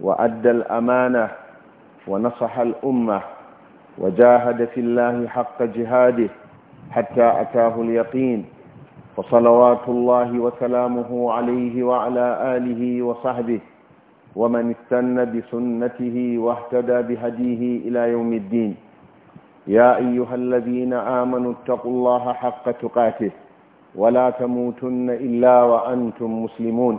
وأدى الأمانة ونصح الأمة وجاهد في الله حق جهاده حتى أتاه اليقين وصلوات الله وسلامه عليه وعلى آله وصحبه ومن استن بسنته واهتدى بهديه إلى يوم الدين يا أيها الذين آمنوا اتقوا الله حق تقاته ولا تموتن إلا وأنتم مسلمون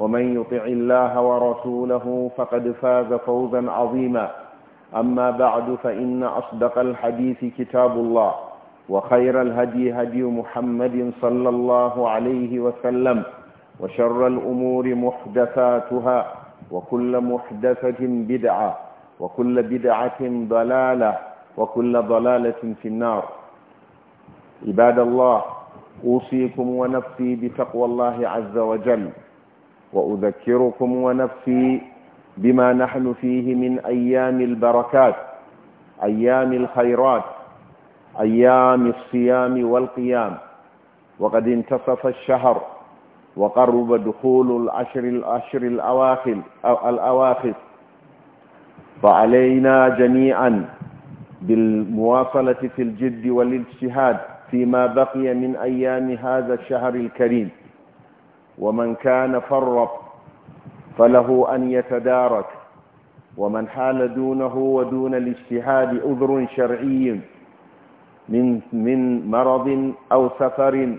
ومن يطع الله ورسوله فقد فاز فوزا عظيما أما بعد فإن أصدق الحديث كتاب الله وخير الهدي هدي محمد صلى الله عليه وسلم وشر الأمور محدثاتها وكل محدثة بدعة وكل بدعة ضلالة وكل ضلالة في النار عباد الله أوصيكم ونفسي بتقوى الله عز وجل وأذكركم ونفسي بما نحن فيه من أيام البركات أيام الخيرات أيام الصيام والقيام وقد انتصف الشهر وقرب دخول العشر العشر الأواخر أو الأواخر فعلينا جميعا بالمواصلة في الجد والاجتهاد فيما بقي من أيام هذا الشهر الكريم ومن كان فرق فله أن يتدارك ومن حال دونه ودون الاجتهاد أذر شرعي من, من مرض أو سفر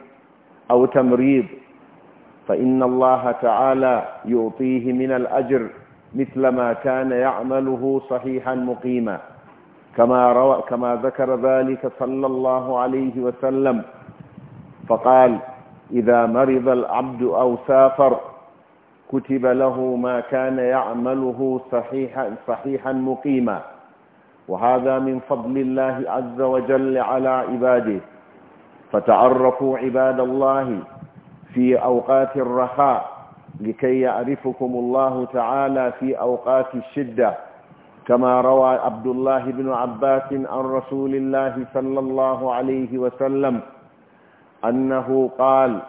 أو تمريض فإن الله تعالى يعطيه من الأجر مثل ما كان يعمله صحيحا مقيما كما, روى كما ذكر ذلك صلى الله عليه وسلم فقال إذا مرض العبد أو سافر كتب له ما كان يعمله صحيحا, صحيحا مقيما وهذا من فضل الله عز وجل على عباده فتعرفوا عباد الله في أوقات الرخاء لكي يعرفكم الله تعالى في أوقات الشدة كما روى عبد الله بن عباس عن رسول الله صلى الله عليه وسلم أنه قال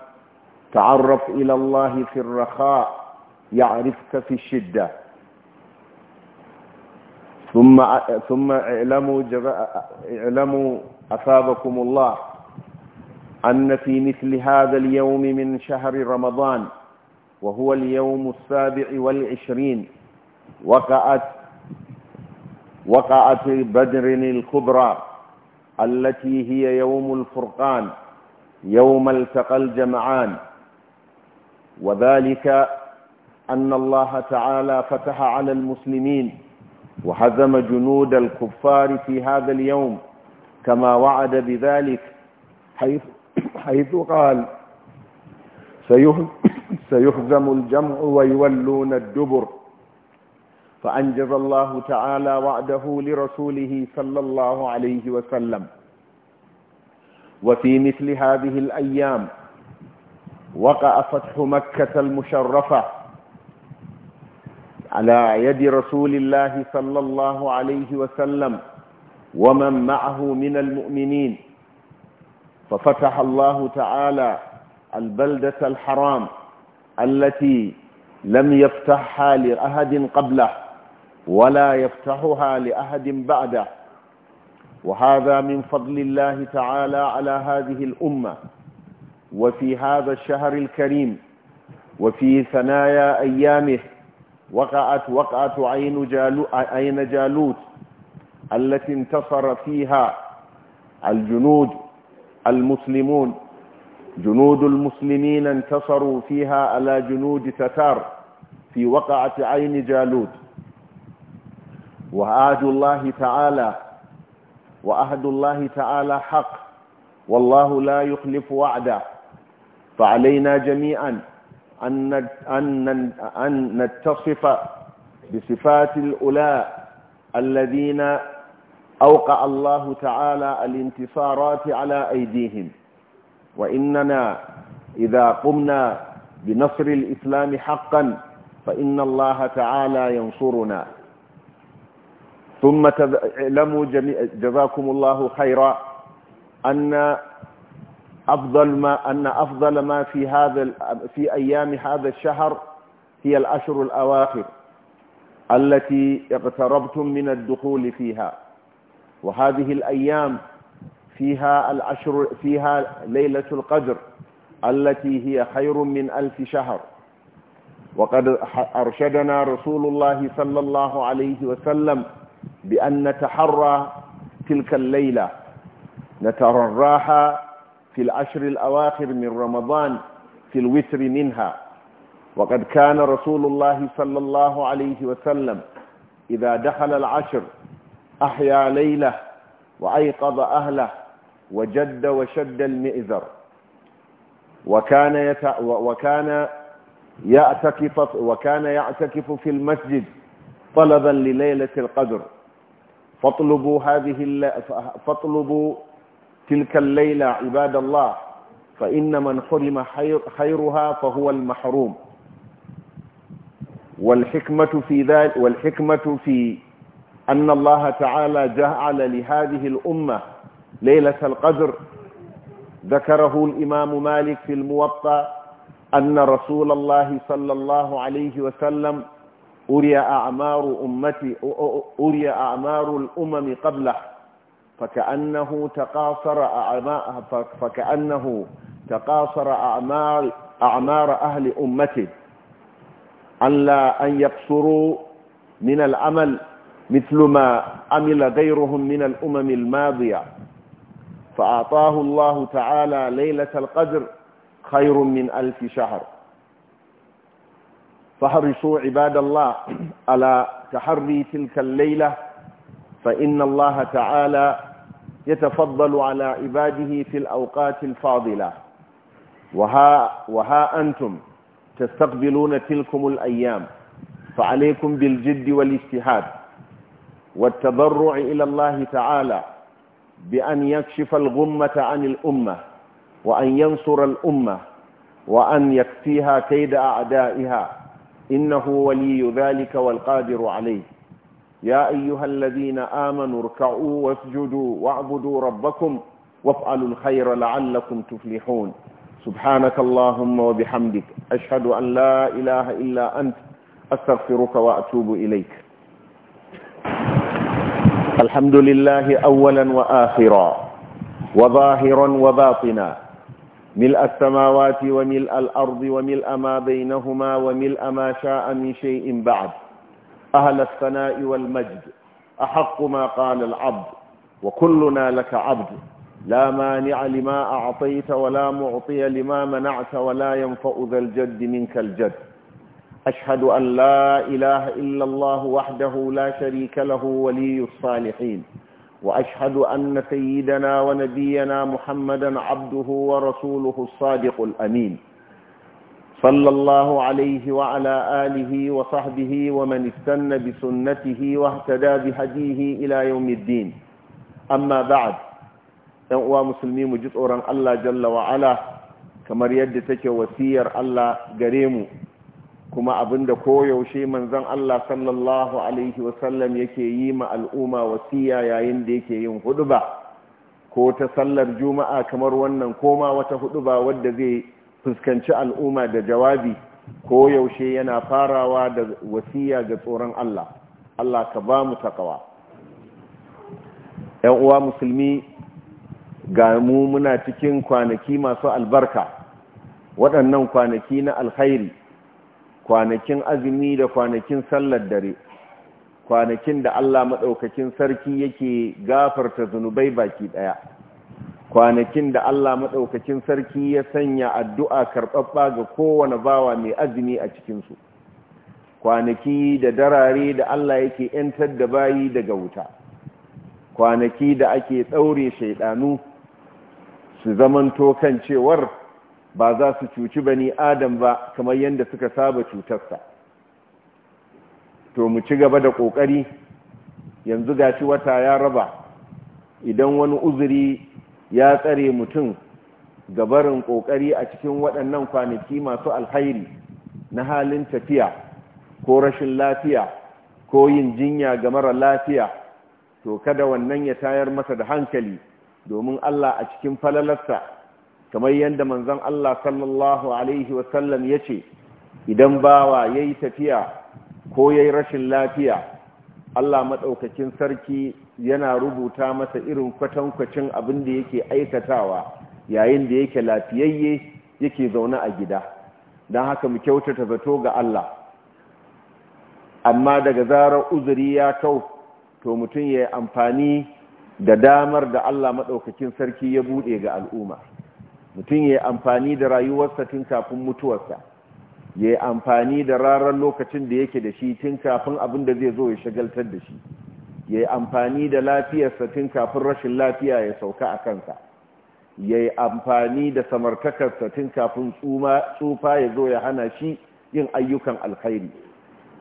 تعرف إلى الله في الرخاء يعرفك في الشدة ثم ثم اعلموا اعلموا أثابكم الله أن في مثل هذا اليوم من شهر رمضان وهو اليوم السابع والعشرين وقعت وقعت بدر الكبرى التي هي يوم الفرقان يوم التقى الجمعان وذلك أن الله تعالى فتح على المسلمين وحزم جنود الكفار في هذا اليوم كما وعد بذلك حيث, حيث قال سيهزم الجمع ويولون الدبر فأنجز الله تعالى وعده لرسوله صلى الله عليه وسلم وفي مثل هذه الأيام وقع فتح مكة المشرفة على يد رسول الله صلى الله عليه وسلم ومن معه من المؤمنين ففتح الله تعالى البلدة الحرام التي لم يفتحها لأحد قبله ولا يفتحها لأحد بعده وهذا من فضل الله تعالى على هذه الأمة وفي هذا الشهر الكريم وفي ثنايا أيامه وقعت وقعة عين, جالو عين جالوت التي انتصر فيها الجنود المسلمون جنود المسلمين انتصروا فيها على جنود تتار في وقعة عين جالوت وعاد الله تعالى وعهد الله تعالى حق والله لا يخلف وعده فعلينا جميعا أن, أن, أن نتصف بصفات الأولاء الذين أوقع الله تعالى الانتصارات على أيديهم وإننا إذا قمنا بنصر الإسلام حقا فإن الله تعالى ينصرنا ثم تعلموا جزاكم الله خيرا أن أفضل ما أن أفضل ما في هذا في أيام هذا الشهر هي الأشهر الأواخر التي اقتربتم من الدخول فيها وهذه الأيام فيها الأشهر فيها ليلة القدر التي هي خير من ألف شهر وقد أرشدنا رسول الله صلى الله عليه وسلم بأن نتحرى تلك الليلة نترراها في العشر الأواخر من رمضان في الوتر منها وقد كان رسول الله صلى الله عليه وسلم إذا دخل العشر أحيا ليلة وأيقظ أهله وجد وشد المئزر وكان يت... وكان يعتكف وكان يعتكف في المسجد طلبا لليلة القدر فاطلبوا هذه الل... فاطلبوا تلك الليلة عباد الله فإن من حرم حير... خيرها فهو المحروم والحكمة في ذلك والحكمة في أن الله تعالى جعل لهذه الأمة ليلة القدر ذكره الإمام مالك في الموطأ أن رسول الله صلى الله عليه وسلم أري أعمار أمتي أري أعمار الأمم قبله فكأنه تقاصر أعمار فكأنه تقاصر أعمار أعمار أهل أمته ألا أن يقصروا من العمل مثل ما عمل غيرهم من الأمم الماضية فأعطاه الله تعالى ليلة القدر خير من ألف شهر فحرصوا عباد الله على تحري تلك الليلة فإن الله تعالى يتفضل على عباده في الأوقات الفاضلة وها, وها أنتم تستقبلون تلكم الأيام فعليكم بالجد والاجتهاد والتضرع إلى الله تعالى بأن يكشف الغمة عن الأمة وأن ينصر الأمة وأن يكفيها كيد أعدائها إنه ولي ذلك والقادر عليه يا أيها الذين آمنوا اركعوا واسجدوا واعبدوا ربكم وافعلوا الخير لعلكم تفلحون سبحانك اللهم وبحمدك أشهد أن لا إله إلا أنت أستغفرك وأتوب إليك الحمد لله أولا وآخرا وظاهرا وباطنا ملء السماوات وملء الأرض وملء ما بينهما وملء ما شاء من شيء بعد أهل الثناء والمجد أحق ما قال العبد وكلنا لك عبد لا مانع لما أعطيت ولا معطي لما منعت ولا ينفع ذا الجد منك الجد أشهد أن لا إله إلا الله وحده لا شريك له ولي الصالحين وأشهد أن سيدنا ونبينا محمدا عبده ورسوله الصادق الأمين صلى الله عليه وعلى آله وصحبه ومن استنى بسنته واهتدى بهديه إلى يوم الدين أما بعد ينقوى مسلمين مجد أوران الله جل وعلا كما يدتك وسير الله قريمه kuma abin abinda koyaushe manzon Allah sallallahu alaihi wasallam yake yi ma al'umma wasiya yayin da yake yin huduba ko ta sallar juma'a kamar wannan koma wata huduba wadda zai fuskanci al'umma da jawabi ko yaushe yana farawa da wasiya ga tsoron Allah Allah ka ba mu takawa ‘yan uwa musulmi ga mu muna cikin kwanaki masu albarka waɗannan kwanaki na alkhairi kwanakin azumi da kwanakin sallar dare kwanakin da Allah maɗaukakin sarki yake gafarta zunubai baki ɗaya kwanakin da Allah maɗaukakin sarki ya sanya addu'a karɓaɓɓa ga kowane bawa mai azumi a cikinsu kwanaki da darare da Allah yake ‘yantar da bayi daga wuta kwanaki da ake ɗaure shaiɗanu su zamanto kan cewar ba za su cuci bani adam ba kamar yadda suka saba cutarsa to mu ci gaba da ƙoƙari yanzu gashi wata ya raba idan wani uzuri ya tsare mutum gabarin ƙoƙari a cikin waɗannan kwanaki masu alhairi na halin tafiya ko rashin lafiya ko yin jinya ga mara lafiya to kada wannan ya tayar masa da hankali domin Allah a cikin falalarsa kamar yadda manzon Allah sallallahu alaihi wasallam ya ce idan bawa ya yi tafiya ko ya rashin lafiya Allah maɗaukacin sarki yana rubuta masa irin kwatankwacin abin da yake aikatawa yayin da yake lafiyayye yake zaune a gida don haka mu kyautata zato ga Allah amma daga zarar uzuri ya kau to mutum ya yi amfani da damar da Allah maɗaukacin sarki ya buɗe ga al'umma mutum ya amfani da rayuwarsa tun kafin mutuwarsa ya yi amfani da rarar lokacin da yake da shi tun kafin abin da zai zo ya shagaltar da shi ya yi amfani da lafiyarsa tun kafin rashin lafiya ya sauka a kansa ya amfani da samartakarsa tun kafin tsufa ya zo ya hana shi yin ayyukan alkhairi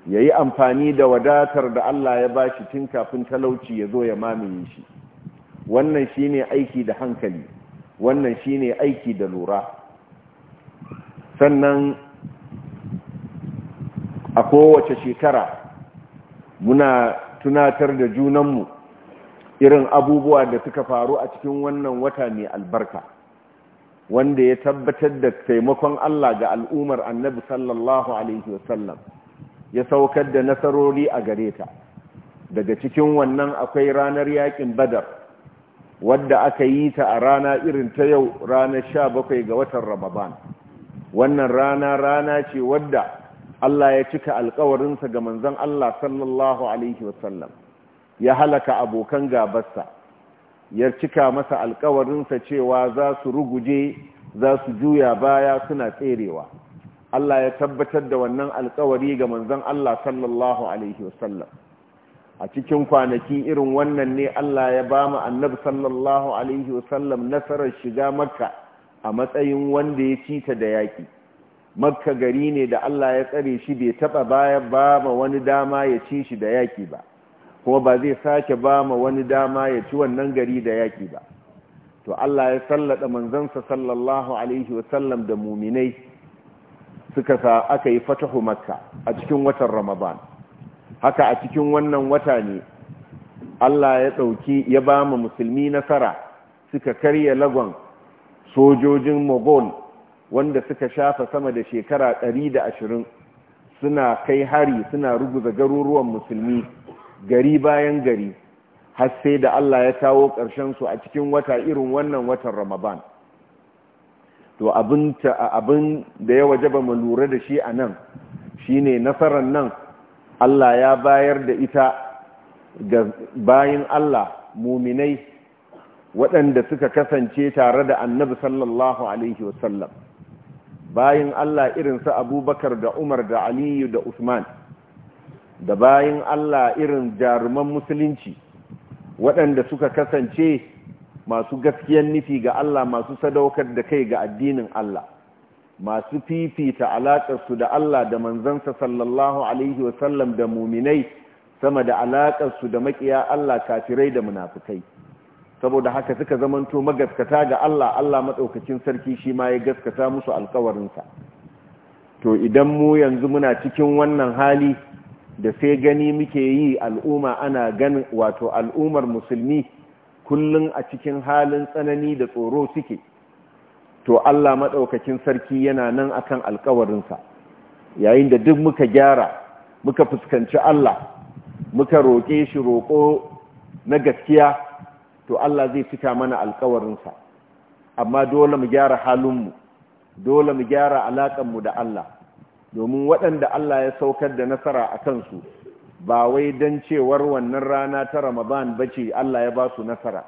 ya yi amfani da wadatar da Allah ya ba shi tun kafin talauci ya zo ya mamaye shi wannan shi ne aiki da hankali wannan shi ne aiki da lura sannan a kowace shekara muna tunatar da junanmu irin abubuwa da suka faru a cikin wannan wata mai albarka wanda ya tabbatar da taimakon Allah ga al'umar annabi sallallahu alaihi wasallam ya saukar da nasarori a gare ta daga cikin wannan akwai ranar yakin badar wadda aka yi ta a rana irin ta yau ranar sha bakwai ga watan ramadan wannan rana rana ce wadda Allah ya cika alkawarinsa ga manzon Allah sallallahu alaihi wasallam ya halaka abokan gabarsa ya cika masa alkawarinsa cewa za su ruguje za su juya baya suna tserewa Allah ya tabbatar da wannan alkawari ga manzon Allah sallallahu alaihi wasallam a cikin kwanaki irin wannan ne Allah ya ba mu annabi sallallahu alaihi wasallam nasarar shiga makka a matsayin wanda ya ci da yaƙi makka gari ne da Allah ya tsare shi bai taɓa baya ba ma wani dama ya ci shi da yaƙi ba kuma ba zai sake ba ma wani dama ya ci wannan gari da yaƙi ba to Allah ya sallada manzansa sallallahu alaihi wasallam da muminai suka sa aka yi fatahu makka a cikin watan ramadan haka a cikin wannan wata ne Allah ya ɗauki ya ba mu musulmi nasara suka karya lagon sojojin mogol wanda suka shafa sama da shekara ɗari da ashirin suna kai hari suna ruguza garuruwan musulmi gari bayan gari har sai da Allah ya kawo su a cikin wata irin wannan watan Ramadan. To abin da ya wajaba mu lura da shi a nan shi ne nasarar nan Allah ya bayar da ita ga bayin Allah muminai waɗanda suka kasance tare da annabi sallallahu alaihi wasallam bayin Allah irinsu abubakar da umar da aliyu da usman da bayin Allah irin jaruman musulunci waɗanda suka kasance masu gaskiyar nufi ga Allah masu sadaukar da kai ga addinin Allah masu fifita alaƙarsu da Allah da manzansa sallallahu alaihi wasallam da muminai sama da alaƙarsu da maƙiya Allah kafirai da munafukai saboda haka suka zamanto magaskata ga Allah Allah maɗaukacin sarki shi ma ya gaskata musu alkawarinsa to idan mu yanzu muna cikin wannan hali da sai gani muke yi al'umma ana ganin wato al'ummar musulmi kullum a cikin halin tsanani da tsoro suke to Allah maɗaukakin sarki yana nan akan alkawarinsa yayin da duk muka gyara muka fuskanci Allah muka roƙe shi roƙo na gaskiya to Allah zai fita mana alkawarinsa amma dole mu gyara halinmu dole mu gyara mu da Allah domin waɗanda Allah ya saukar da nasara a kansu ba wai don cewar wannan rana ta Ramadan bace Allah ya ba su nasara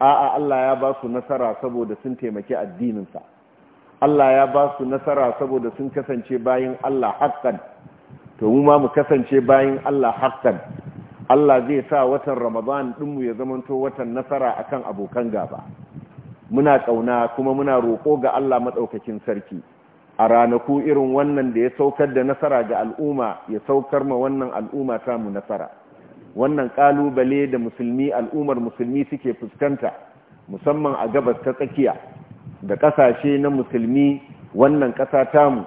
a'a Allah ya ba su nasara saboda sun taimaki addininsa Allah ya ba su nasara saboda sun kasance bayan Allah haƙƙan to mu ma mu kasance bayan Allah haƙƙan Allah zai sa watan Ramadan ɗinmu ya zamanto watan nasara akan abokan gaba muna ƙauna kuma muna roƙo ga Allah madaukakin sarki a ranaku irin wannan da ya saukar da nasara ga al'umma ya saukar ma wannan al'umma samu nasara wannan kalubale da musulmi al'ummar musulmi suke fuskanta musamman a gabas ta tsakiya da kasashe na musulmi wannan kasa tamu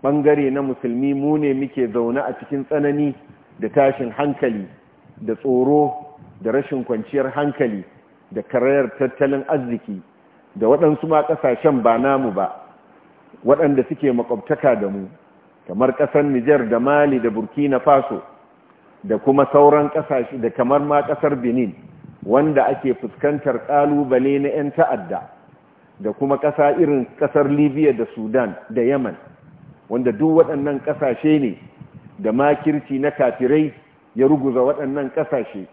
bangare na musulmi mu ne muke zaune a cikin tsanani da tashin hankali da tsoro da rashin kwanciyar hankali da karayar tattalin arziki da waɗansu ma ƙasashen ba namu ba waɗanda suke makwabtaka da mu kamar ƙasar Nijar da Mali da Burkina Faso da kuma sauran kasashe da kamar ma kasar benin wanda ake fuskantar kalubale na 'yan ta'adda da kuma kasa irin kasar libya da sudan da yemen wanda duk waɗannan kasashe ne da ma kirci na kafirai ya ruguza waɗannan kasashe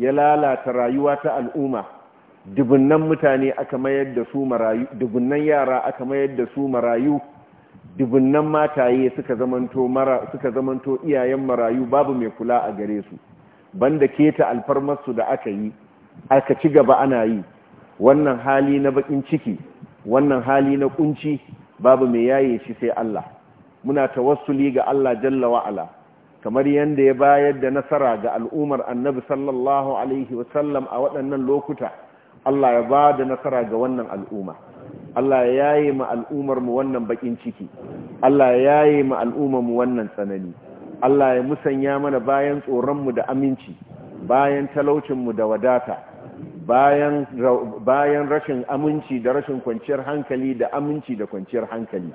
ya lalata rayuwa ta al'umma dubunnan mutane aka mayar da su marayu dubunnan yara aka mayar da su marayu dubunnan mataye suka zamanto iyayen marayu babu mai kula a gare su banda keta alfarmarsu da aka yi aka ci gaba ana yi wannan hali na bakin ciki wannan hali na kunci babu mai yaye shi sai Allah muna tawassuli ga Allah jalla wa'ala kamar yadda ya bayar da nasara ga al'umar annabi sallallahu alaihi wasallam a waɗannan lokuta Allah ya ba da nasara ga wannan al'umma Allah ya yi ma mu wannan bakin ciki Allah ya yi ma mu wannan tsanani Allah ya musanya mana bayan tsoronmu da aminci bayan talaucinmu da wadata bayan rashin aminci da rashin kwanciyar hankali da aminci da kwanciyar hankali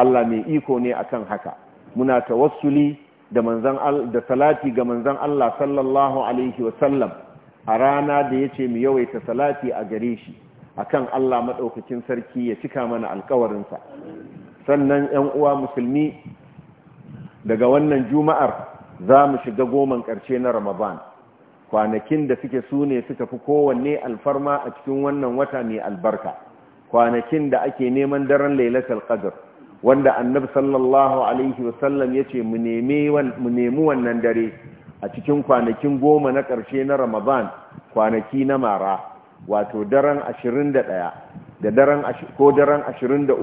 Allah mai iko ne a kan haka muna tawassuli da salati ga manzan Allah sallallahu alaihi wasallam a rana da ya ce mu yawaita salati a gare shi akan Allah maɗaukakin sarki ya cika mana alkawarinsa sannan ‘yan uwa musulmi daga wannan juma'ar za mu shiga goman ƙarshe na ramadan kwanakin da suke su ne suka fi kowanne alfarma a cikin wannan wata mai albarka kwanakin da ake neman daren lailatul qadr wanda annabi sallallahu alaihi wasallam ya ce mu nemi wannan dare a cikin kwanakin goma na ƙarshe na ramadan kwanaki na mara wato daren 21 da daren ko daren 23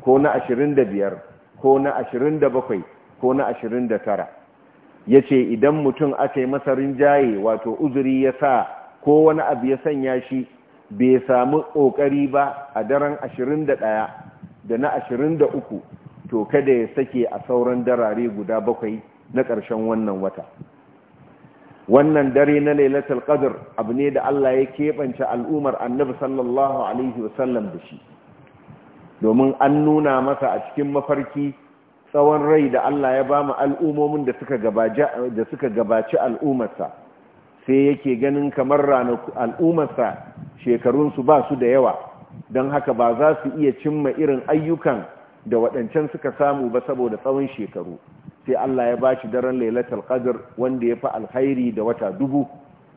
ko na 25 ko na 27 ko na 29 yace idan mutum aka yi masa rinjaye wato uzuri ya sa ko wani abu ya sanya shi bai samu kokari ba a daren 21 da na 23 to kada ya sake a sauran darare guda bakwai na ƙarshen wannan wata wannan dare na lailatul qadr abu ne da Allah ya kebance al'umar annabi sallallahu alaihi wasallam da shi domin an nuna masa a cikin mafarki tsawon rai da Allah ya ba al'umomin da suka gabaci al'umarsa sai yake ganin kamar ranaku al'umarsa su ba su da yawa don haka ba za su iya cimma irin ayyukan da waɗancan suka samu ba saboda tsawon shekaru sai Allah ya ba shi daren lailatul qadr wanda ya fi alkhairi da wata dubu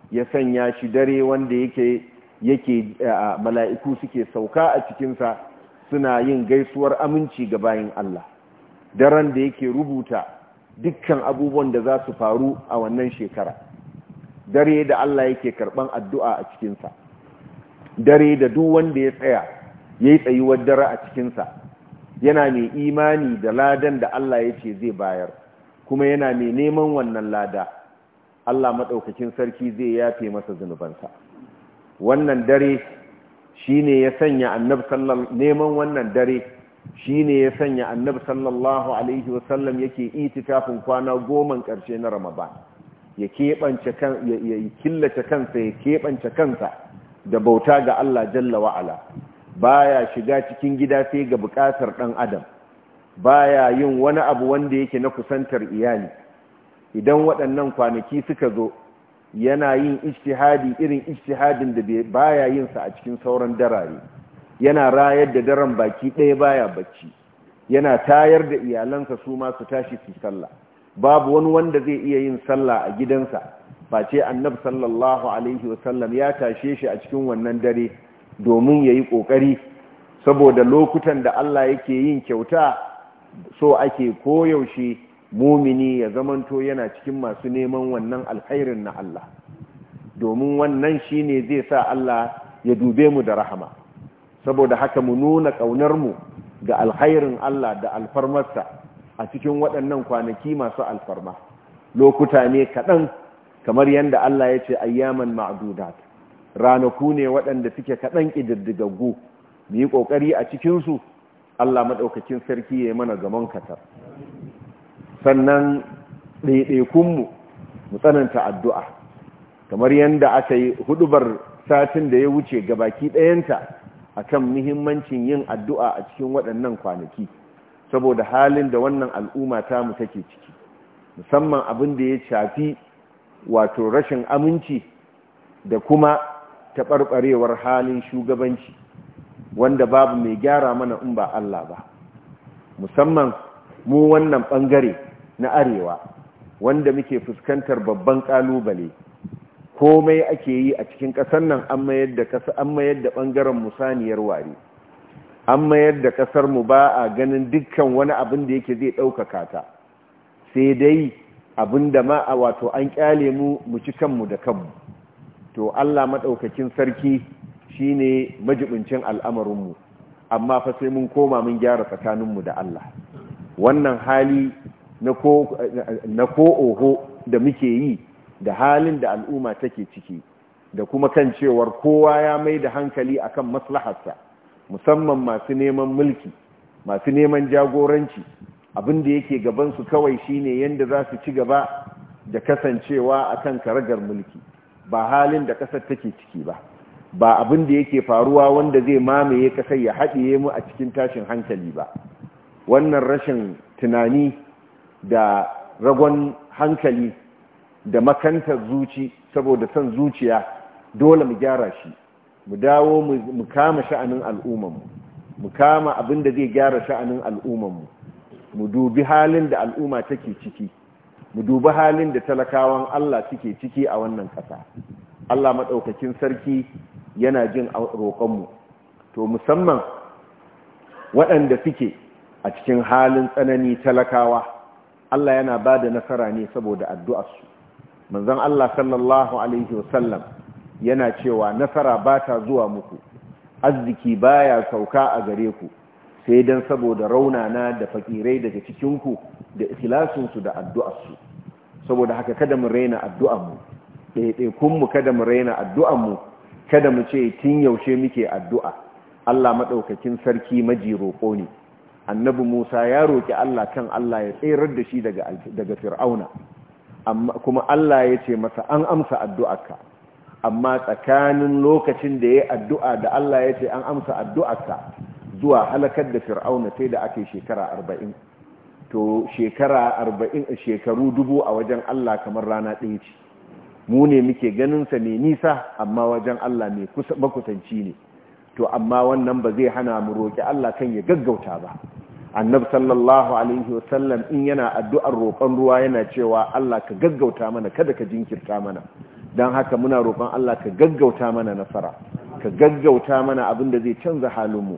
ya sanya shi dare wanda yake yake mala'iku suke sauka a cikinsa suna yin gaisuwar aminci ga bayin Allah daren da yake rubuta dukkan abubuwan da za su faru a wannan shekara dare da Allah yake karban addu'a a cikinsa dare da duk wanda ya tsaya yayi tsayuwar dare a cikinsa yana mai imani da ladan da Allah ya ce zai bayar kuma yana mai neman wannan lada Allah maɗaukakin sarki zai yafe masa zunubansa wannan dare shi ne ya sanya annab neman wannan dare shi ne ya sanya annabi sallallahu alaihi wasallam yake iti itikafin kwana goma ƙarshe na Ramadan ya keɓance killace kansa ya keɓance kansa da bauta ga Allah jalla wa'ala baya shiga cikin gida sai ga buƙatar ɗan adam baya yin wani abu wanda yake na kusantar iyali idan waɗannan kwanaki suka zo yana yin ijtihadi irin ijtihadin da baya yin sa a cikin sauran darare yana rayar da daren baki ɗaya baya bacci yana tayar da iyalansa su ma su tashi su sallah babu wani wanda zai iya yin sallah a gidansa ba ce annab sallallahu alaihi wasallam ya tashe shi a cikin wannan dare domin ya yi ƙoƙari saboda lokutan da Allah yake yin kyauta so ake koyaushe mumini ya zamanto yana cikin masu neman wannan alkhairin na Allah domin wannan shi ne zai sa Allah ya dube mu da rahama saboda haka mu nuna kaunar mu ga alkhairin Allah da alfarmarsa a cikin waɗannan kwanaki masu alfarma lokuta ne kaɗan kamar yadda Allah ya ce ayyaman ma'adudat ranaku ne waɗanda suke kaɗan ƙididdigaggu mu yi ƙoƙari a cikinsu Allah maɗaukakin sarki ya yi mana gaban katar sannan ɗaiɗaikunmu mu tsananta addu'a kamar yadda aka yi hudubar satin da ya wuce ga baki ɗayanta a kan muhimmancin yin addu'a a cikin waɗannan kwanaki saboda halin da wannan al'umma ta mu take ciki musamman abin da ya shafi wato rashin aminci da kuma taɓarɓarewar halin shugabanci wanda babu mai gyara mana in ba Allah ba musamman mu wannan bangare na arewa wanda muke fuskantar babban kalubale komai ake yi a cikin ƙasar nan an mayar da kasa an mayar da bangaren musaniyar ware an mayar da ƙasar mu ba a ganin dukkan wani abin da yake zai ɗaukaka ta sai dai abinda ma a wato an kyale mu mu ci kanmu da kanmu to Allah madaukakin sarki shi shine majibincin al'amarinmu amma fa sai mun koma mun gyara tsakaninmu da Allah wannan hali na ko oho da muke yi da halin da al'umma take ciki da kuma kan cewar kowa ya mai da hankali akan maslaharsa musamman masu neman mulki masu neman jagoranci abin da yake gabansu kawai shine yadda za su ci gaba da kasancewa akan karagar mulki ba halin da ƙasar take ciki ba ba abin da yake faruwa wanda zai mamaye sai ya haɗiye mu a cikin tashin hankali ba wannan rashin tunani da ragon hankali da makantar zuci saboda son zuciya dole mu gyara shi mu dawo mu kama sha'anin al'ummanmu mu Mu kama abin da zai gyara sha'anin al'ummanmu mu Mu dubi halin da al'umma take ciki mu dubi halin da talakawan Allah suke ciki a wannan ƙasa Allah maɗaukakin sarki yana jin roƙonmu to musamman waɗanda suke a cikin halin tsanani talakawa Allah yana ba da nasara ne saboda addu'arsu manzon Allah sallallahu alaihi wasallam yana cewa nasara ba ta zuwa muku arziki baya sauka a gare ku sai don saboda raunana da fakirai daga cikinku da ikhlasinsu da addu'arsu saboda haka kada mu raina addu'armu ɗaiɗaikunmu kada mu raina addu'armu kada mu ce tun yaushe muke addu'a Allah maɗaukakin sarki maji roƙo ne annabi Musa ya roƙi Allah kan Allah ya tserar da shi daga fir'auna kuma Allah ya ce masa an amsa addu'arka amma tsakanin lokacin da ya addu'a da Allah ya ce an amsa addu'arka zuwa halakar da fir'auna sai da ake shekara arba'in to shekara arba'in shekaru dubu a wajen Allah kamar rana ɗaya ce mu ne muke sa mai nisa amma wajen Allah mai makusanci ne to amma wannan ba zai hana mu roƙi Allah kan ya gaggauta ba annab sallallahu alaihi wasallam in yana addu'ar roƙon ruwa yana cewa Allah ka gaggauta mana kada ka jinkirta mana don haka muna roƙon Allah ka gaggauta mana nasara ka gaggauta mana abin da zai canza halin mu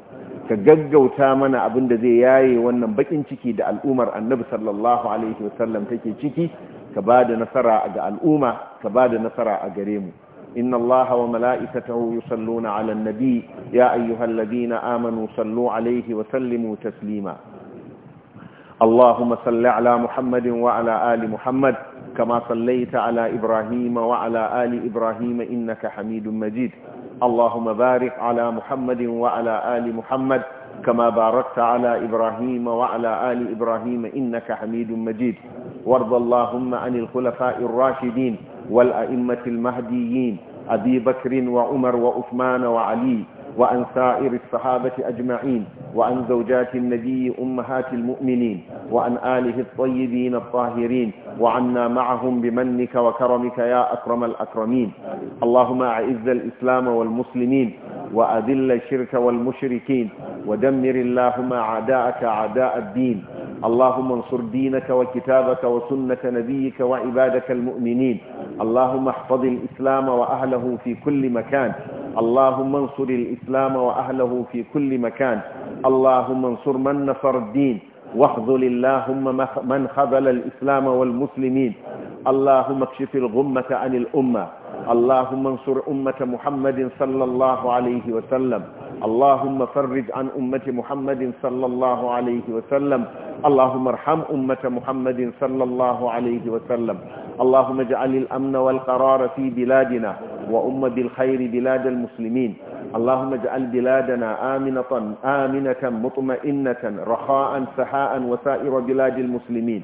ka gaggauta mana abin da zai yaye wannan bakin ciki da al'umar annabi sallallahu alaihi wasallam take ciki ka ba da nasara ga al'umma ka ba da nasara a gare mu إن الله وملائكته يصلون على النبي يا أيها الذين آمنوا صلوا عليه وسلموا تسليما اللهم صل على محمد وعلى آل محمد كما صليت على إبراهيم وعلى آل إبراهيم إنك حميد مجيد اللهم بارك على محمد وعلى آل محمد كما باركت على إبراهيم وعلى آل إبراهيم إنك حميد مجيد وارض اللهم عن الخلفاء الراشدين والأئمة المهديين أبي بكر وعمر وعثمان وعلي وعن سائر الصحابة أجمعين وعن زوجات النبي أمهات المؤمنين وعن آله الطيبين الطاهرين وعنا معهم بمنك وكرمك يا أكرم الأكرمين اللهم أعز الإسلام والمسلمين وأذل الشرك والمشركين ودمر اللهم أعداءك أعداء الدين اللهم انصر دينك وكتابك وسنة نبيك وعبادك المؤمنين اللهم احفظ الإسلام وأهله في كل مكان اللهم انصر الإسلام وأهله في كل مكان اللهم انصر من نصر الدين واخذل اللهم من خذل الإسلام والمسلمين اللهم اكشف الغمة عن الأمة اللهم انصر أمة محمد صلى الله عليه وسلم اللهم فرج عن أمة محمد صلى الله عليه وسلم اللهم ارحم أمة محمد صلى الله عليه وسلم اللهم اجعل الأمن والقرار في بلادنا وأم بالخير بلاد المسلمين اللهم اجعل بلادنا آمنة, آمنة مطمئنة رخاء سحاء وسائر بلاد المسلمين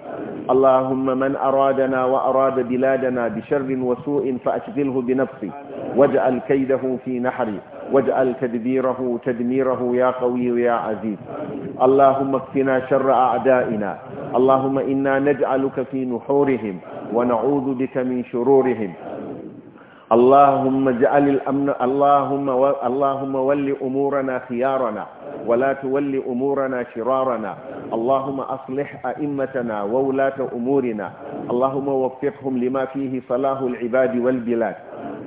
اللهم من أرادنا وأراد بلادنا بشر وسوء فأشغله بنفسه واجعل كيده في نحره واجعل تدبيره تدميره يا قوي يا عزيز اللهم اكفنا شر أعدائنا اللهم إنا نجعلك في نحورهم ونعوذ بك من شرورهم اللهم اجعل الأمن اللهم و... اللهم ول أمورنا خيارنا ولا تول أمورنا شرارنا اللهم أصلح أئمتنا وولاة أمورنا اللهم وفقهم لما فيه صلاح العباد والبلاد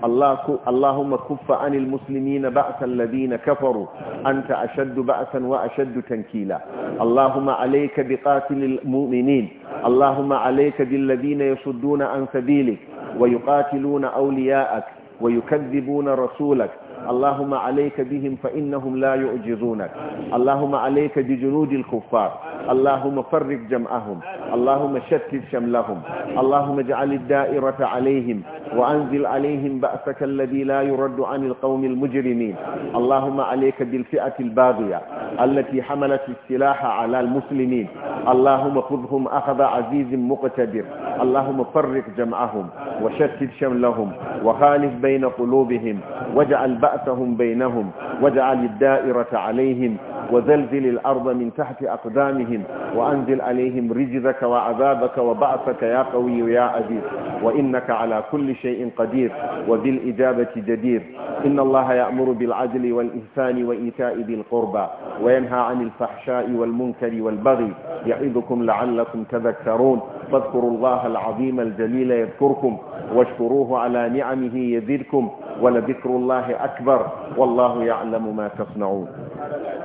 اللهم كف عن المسلمين بأس الذين كفروا أنت أشد بأسا وأشد تنكيلا اللهم عليك بقاتل المؤمنين اللهم عليك بالذين يصدون عن سبيلك ويقاتلون أولياءك ويكذبون رسولك اللهم عليك بهم فإنهم لا يعجزونك اللهم عليك بجنود الكفار اللهم فرق جمعهم اللهم شتت شملهم اللهم اجعل الدائرة عليهم وأنزل عليهم بأسك الذي لا يرد عن القوم المجرمين اللهم عليك بالفئة الباغية التي حملت السلاح على المسلمين اللهم خذهم أخذ عزيز مقتدر اللهم فرق جمعهم وشتت شملهم وخالف بين قلوبهم واجعل بأسك رأسهم بينهم واجعل الدائرة عليهم وزلزل الأرض من تحت أقدامهم وأنزل عليهم رجزك وعذابك وبعثك يا قوي يا عزيز وإنك على كل شيء قدير وبالإجابة جدير إن الله يأمر بالعدل والإحسان وإيتاء ذي القربى وينهى عن الفحشاء والمنكر والبغي يعظكم لعلكم تذكرون فاذكروا الله العظيم الجليل يذكركم واشكروه على نعمه يزدكم ولذكر الله أكبر والله يعلم ما تصنعون